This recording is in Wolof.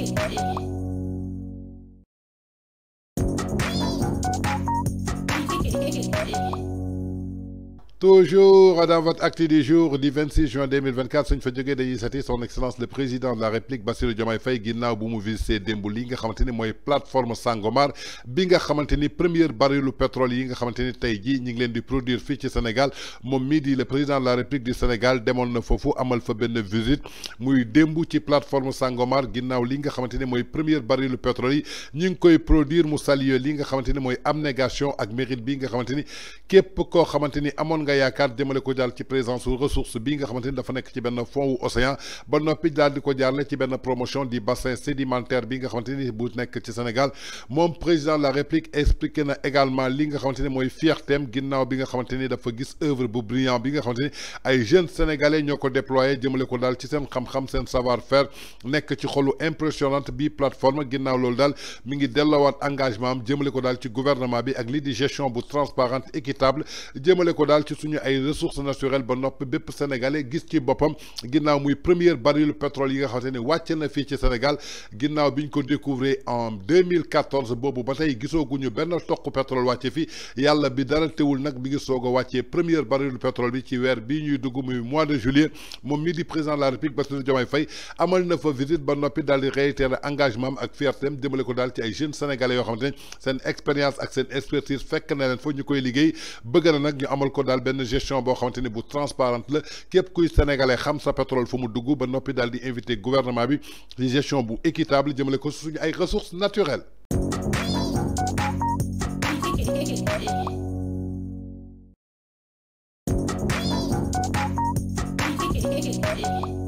Thank you. toujours dans votre acte du jour du 26 juin 2024 fa son excellence le président de la république Bassirou Diomaye Faye ginnaaw bu mu visité démb li nga plateforme Sangomar bi nga le premier baril barilu pétrole yi nga xamante ni tey jii leen produire fii ci Sénégal momidi le président de la république du Sénégal demoon na foofu amal fa benn visite muy démb ci plateforme Sangomar ginnaaw li nga xamante ni mooy barilu pétrole yi ñi koy produire mu saluer li nga xamante ni mooy abnégation ak mérite bi nga xamante képp koo nga yaakaar jëmale ko daal ci présence su ressource bi nga xamante ni dafa nekk ci benn fond wu océan ba noppi daal di ko jaarale ci benn promotion du bassin sédimentaire bi nga xamante ni bu nekk ci Sénégal moom président de la République expliqué na également li nga xamante ni mooy fiertéem ginnaaw bi nga xamante ni dafa gis œuvre bu brillant bi nga xamante ay jeunes sénégalais ñoo ko déployé jëmale ko daal ci seen xam-xam seen savoir faire nekk ci xolu impressionnante bi plateforme ginnaaw loolu daal mi ngi delloowaat engagement am jëmale ko daal ci gouvernement bi ak lii di gestion bu transparente équitable jëmale ko daal ci suñu ay ressources naturelles ba noppi bépp sénégalais gis ci boppam ginnaaw muy premier baril pétrole yi nga xamante ne wàcce na fii ci Sénégal ginnaaw biñ ko découvrir en 2014 boobu ba tey gisooguñu benn toq pétrole wàcce fi yàlla bi dara teewul nag bi ngi soog a wàccee premier baril pétrole bi ci weer bii ñuy dugg muy mois de juillet moom mii di président de la République Bassirou jomay fay amal na fa visite ba noppi daal di réitérer engagement am ak fiertem dimbale ko daal ci ay jeunes sénégalais yoo xamante ne seen expérience ak seen expertise fekk na leen foo ñu koy liggéey bëgg na nag ñu amal ko daal ben gestion bo xamante bu transparente Le képp kuy sénégalais xam sa pétrole fu mu dugg ba noppi dal di invité gouvernement bi ci gestion bu équitable jëmale ko suñu ay ressources naturelles